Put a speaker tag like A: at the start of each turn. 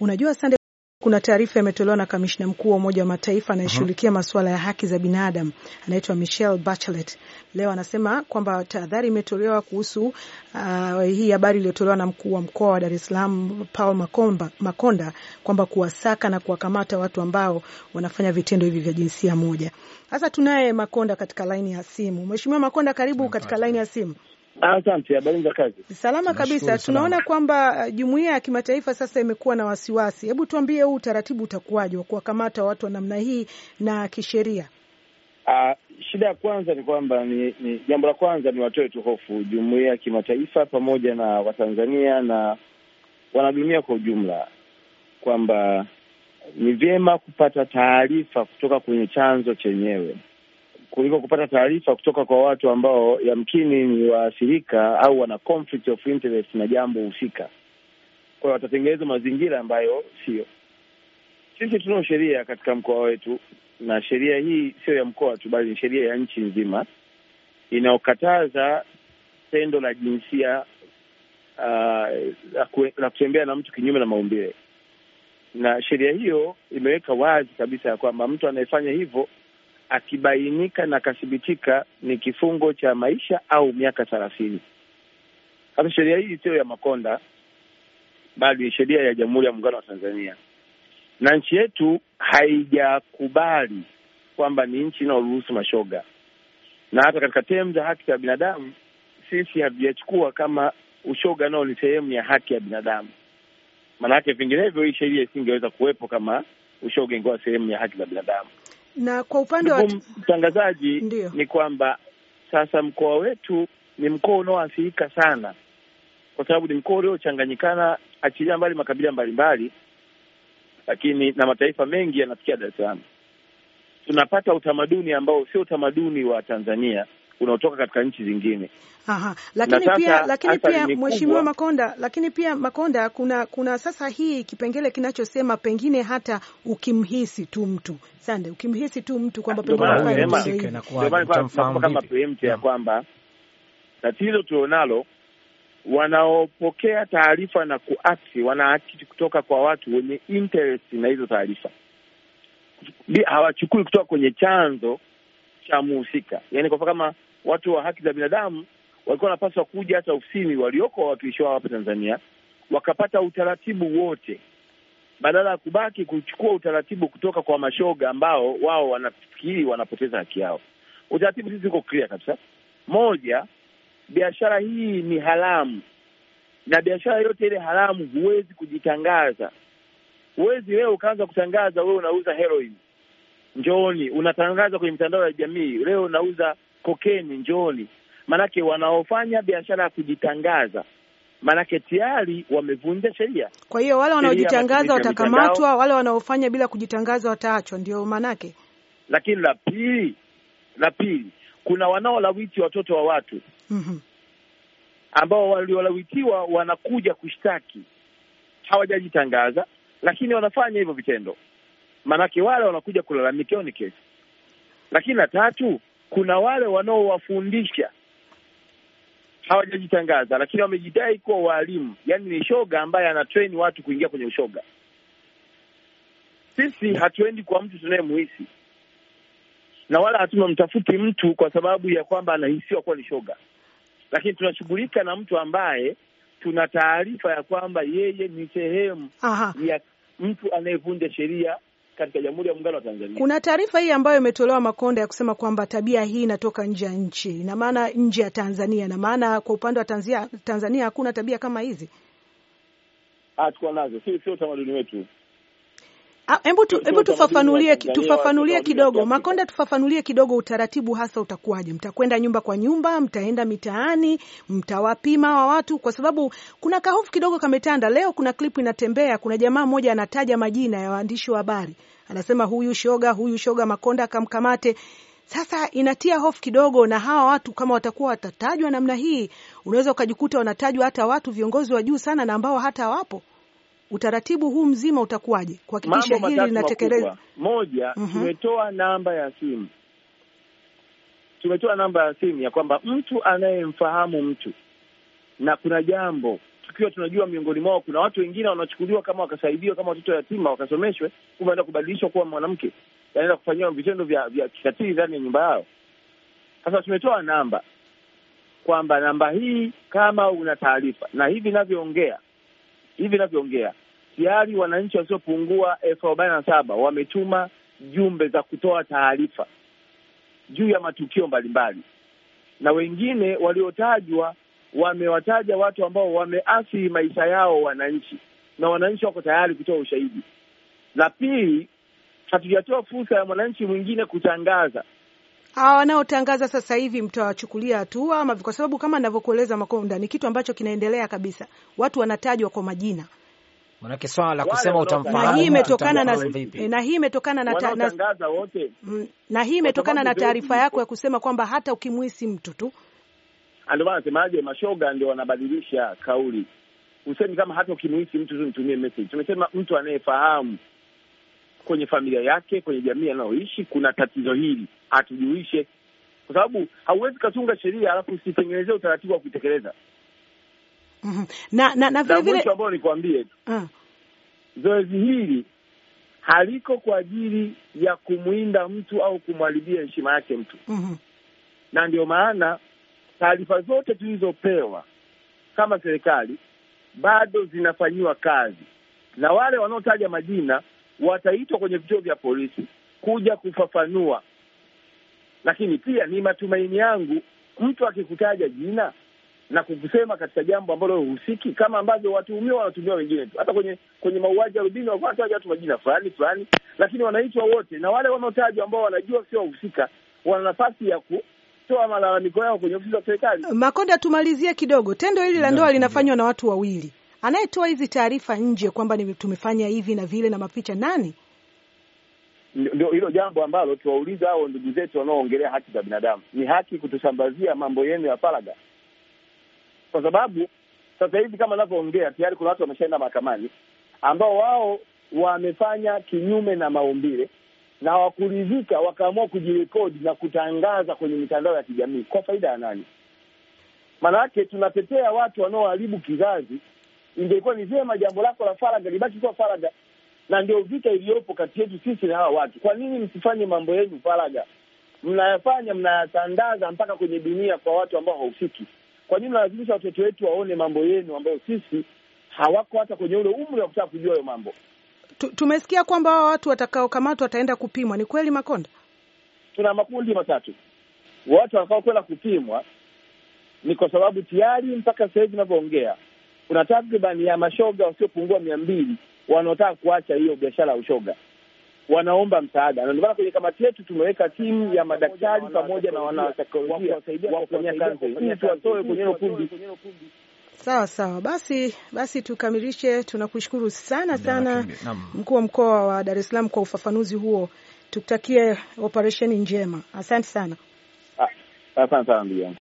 A: Unajua Sande, kuna taarifa imetolewa na kamishna mkuu wa Umoja wa Mataifa anayeshughulikia masuala ya haki za binadamu anaitwa Michelle Bachelet. Leo anasema kwamba tahadhari imetolewa kuhusu uh, hii habari iliyotolewa na mkuu wa mkoa wa Dar es Salaam Paul Makomba, Makonda kwamba kuwasaka na kuwakamata watu ambao wanafanya vitendo hivi vya jinsia moja. Sasa tunaye Makonda katika laini ya simu. Mheshimiwa Makonda, karibu katika laini ya simu. Asante. Habari za kazi? Salama kabisa. Tunaona kwamba uh, jumuiya ya kimataifa sasa imekuwa na wasiwasi. Hebu tuambie, huu utaratibu utakuwaje wa kuwakamata watu wa namna hii na kisheria?
B: Uh, shida ya kwanza ni kwamba ni, ni jambo la kwanza ni watoe tu hofu jumuiya ya kimataifa pamoja na Watanzania na wanadunia kwa ujumla kwamba ni vyema kupata taarifa kutoka kwenye chanzo chenyewe kuliko kupata taarifa kutoka kwa watu ambao yamkini ni waathirika au wana conflict of interest na jambo husika. Kwa hiyo watatengeneza mazingira ambayo sio. Sisi tunao sheria katika mkoa wetu, na sheria hii sio ya mkoa tu, bali ni sheria ya nchi nzima inayokataza tendo la jinsia uh, la kutembea na mtu kinyume na maumbile, na sheria hiyo imeweka wazi kabisa ya kwamba mtu anayefanya hivyo akibainika na akathibitika ni kifungo cha maisha au miaka thelathini. Sasa sheria hii sio ya Makonda, bali ni sheria ya Jamhuri ya Muungano wa Tanzania, na nchi yetu haijakubali kwamba ni nchi inayoruhusu mashoga, na hata katika sehemu za haki za binadamu sisi hatujachukua kama ushoga nao ni sehemu ya haki ya binadamu. Maanake vinginevyo hii sheria isingeweza kuwepo kama ushoga ingewa sehemu ya haki za binadamu.
A: Na kwa upande wa
B: mtangazaji, ni kwamba sasa mkoa wetu ni mkoa unaoathirika sana, kwa sababu ni mkoa uliochanganyikana, achilia mbali makabila mbalimbali, lakini na mataifa mengi yanafikia Dar es Salaam. Tunapata utamaduni ambao sio utamaduni wa Tanzania unaotoka katika nchi zingine.
A: Aha. Lakini sasa, pia lakini pia mheshimiwa Makonda, lakini pia Makonda, kuna kuna sasa hii kipengele kinachosema pengine hata ukimhisi tu mtu sande, ukimhisi tu mtu kwamba pengine kama
B: ya kwamba tatizo tulionalo wanaopokea taarifa na kuakti wanaakti kutoka kwa watu wenye interest na hizo taarifa, hawachukui kutoka kwenye chanzo cha muhusika. Yani kwa kama watu wa haki za binadamu walikuwa wanapaswa kuja hata ofisini walioko wawakilishi wao hapa Tanzania, wakapata utaratibu wote, badala ya kubaki kuchukua utaratibu kutoka kwa mashoga ambao wao wanafikiri wanapoteza haki yao. Utaratibu sisi uko clear kabisa. Moja, biashara hii ni haramu, na biashara yote ile haramu huwezi kujitangaza. Huwezi wewe ukaanza kutangaza wewe unauza heroin njooni, unatangaza kwenye mitandao ya jamii, leo unauza kokeni, njooni. Maanake wanaofanya biashara ya kujitangaza maanake tayari wamevunja sheria.
A: Kwa hiyo wale wanaojitangaza watakamatwa, wale wanaofanya bila kujitangaza wataachwa, ndio maanake.
B: Lakini la pili, la pili, kuna wanaolawiti watoto wa watu mm -hmm. ambao waliolawitiwa wanakuja kushtaki, hawajajitangaza, lakini wanafanya hivyo vitendo maanake wale wanakuja kulalamikia ni kesi. Lakini la tatu, kuna wale wanaowafundisha hawajajitangaza, lakini wamejidai kuwa waalimu, yaani ni shoga ambaye anatrain watu kuingia kwenye ushoga. Sisi hatuendi kwa mtu tunayemuhisi na wala mtafuti mtu kwa sababu ya kwamba anahisiwa kuwa ni shoga, lakini tunashughulika na mtu ambaye tuna taarifa ya kwamba yeye ni sehemu ya mtu anayevunja sheria katika Jamhuri ya Muungano wa Tanzania. Kuna
A: taarifa hii ambayo imetolewa Makonda ya kusema kwamba tabia hii inatoka nje ya nchi, ina maana nje ya Tanzania, ina maana kwa upande wa Tanzania, Tanzania hakuna tabia kama hizi,
B: hatuko ah, nazo, sio utamaduni wetu. Ah, hebu tu, tufafanulie tufafanulie kidogo
A: Makonda, tufafanulie kidogo utaratibu hasa utakuwaje? Mtakwenda nyumba kwa nyumba, mtaenda mitaani, mtawapima wa watu, kwa sababu kuna kahofu kidogo kametanda leo. Kuna klipu inatembea, kuna jamaa mmoja anataja majina ya waandishi wa habari, anasema huyu shoga, huyu shoga, Makonda akamkamate. Sasa inatia hofu kidogo, na hawa watu kama watakuwa watatajwa namna hii, unaweza ukajikuta wanatajwa hata watu viongozi wa juu sana na ambao hata wapo utaratibu huu mzima utakuwaje kuhakikisha hili linatekelezwa?
B: Moja, mm -hmm. tumetoa namba ya simu, tumetoa namba ya simu ya kwamba mtu anayemfahamu mtu na kuna jambo tukiwa tunajua miongoni mwao kuna watu wengine wanachukuliwa kama wakasaidiwa kama watoto yatima wakasomeshwe, kumbe anaenda kubadilishwa kuwa mwanamke, anaenda kufanyiwa vitendo vya vya kikatili ndani ya nyumba yao. Sasa tumetoa namba kwamba namba hii, kama una taarifa, na hivi navyoongea, hivi navyoongea, tayari wananchi wasiopungua elfu arobaini na saba wametuma jumbe za kutoa taarifa juu ya matukio mbalimbali, na wengine waliotajwa wamewataja watu ambao wameathiri maisha yao wananchi, na wananchi wako tayari kutoa ushahidi. La pili, hatujatoa fursa ya mwananchi mwingine kutangaza
A: hawa wanaotangaza sasa hivi mtawachukulia hatua ama? Kwa sababu kama navyokueleza Makonda, ni kitu ambacho kinaendelea kabisa, watu wanatajwa kwa majina Manake swala la kusema utamfahamu na hii imetokana na mm, na hii imetokana na na hii imetokana na taarifa yako ya kusema kwamba hata ukimuisi mtu tu,
B: ndio maana semaje, mashoga ndio wanabadilisha kauli. Usemi kama hata ukimuisi mtu tu nitumie message. Tumesema mtu anayefahamu kwenye familia yake, kwenye jamii anayoishi, kuna tatizo hili atujuishe, kwa sababu hauwezi katunga sheria alafu usitengenezee utaratibu wa kuitekeleza.
A: Mm-hmm. na na, na vile vile ambayo nikwambie tu uh,
B: zoezi hili haliko kwa ajili ya kumwinda mtu au kumharibia heshima yake mtu mm -hmm. na ndio maana taarifa zote tulizopewa kama serikali bado zinafanyiwa kazi, na wale wanaotaja majina wataitwa kwenye vituo vya polisi kuja kufafanua. Lakini pia ni matumaini yangu mtu akikutaja jina na kukusema katika jambo ambalo huhusiki kama ambavyo watuhumiwa wanatumia wengine tu. Hata kwenye kwenye mauaji ya Rubini walikuwa wanataja watu majina fulani fulani, lakini wanaitwa wote, na wale wanaotajwa ambao wanajua sio wahusika wana nafasi ya ku malalamiko yao kwenye ofisi za serikali.
A: Makonda, tumalizie kidogo. Tendo hili la ndoa linafanywa na watu wawili, anayetoa hizi taarifa nje kwamba tumefanya hivi na vile na mapicha nani?
B: Ndio hilo jambo ambalo tuwauliza hao ndugu zetu wanaoongelea haki za binadamu, ni haki kutusambazia mambo yenu ya faraga? kwa sababu sasa hivi kama anavyoongea tayari kuna watu wameshaenda mahakamani ambao wao wamefanya kinyume na maumbile na wakuridhika, wakaamua kujirekodi na kutangaza kwenye mitandao ya kijamii kwa faida ya nani? yake tunatetea watu wanaoharibu kizazi. Ingekuwa ni vyema jambo lako la faraga libaki kuwa faraga na ndio vita iliyopo kati yetu sisi na hawa watu. Kwa nini msifanye mambo yenu faraga Mnayafanya, mnayatandaza mpaka kwenye dunia kwa watu ambao hahusiki. Kwa nini lazimisha watoto wetu waone mambo yenu ambayo sisi hawako hata kwenye ule
A: umri wa kutaka kujua hayo mambo? Tumesikia kwamba hawa watu watakaokamatwa wataenda kupimwa. Ni kweli, Makonda? Tuna makundi matatu. Watu watakaokwenda kupimwa
B: ni kwa sababu tayari mpaka sasa hivi kuna takriban ya mashoga wasiopungua mia mbili wanaotaka kuacha hiyo biashara ya ushoga wanaomba msaada, na ndio maana kwenye kamati yetu tumeweka timu ya madaktari pamoja na wanasaikolojia wa kufanyia kazi ili tuwatoe kwenye kundi.
A: Sawa sawa, basi basi, tukamilishe. Tunakushukuru sana sana, mkuu wa mkoa wa Dar es Salaam kwa ufafanuzi huo. Tukutakie operesheni njema. Asante sana,
B: ah, asante sana ndugu yangu.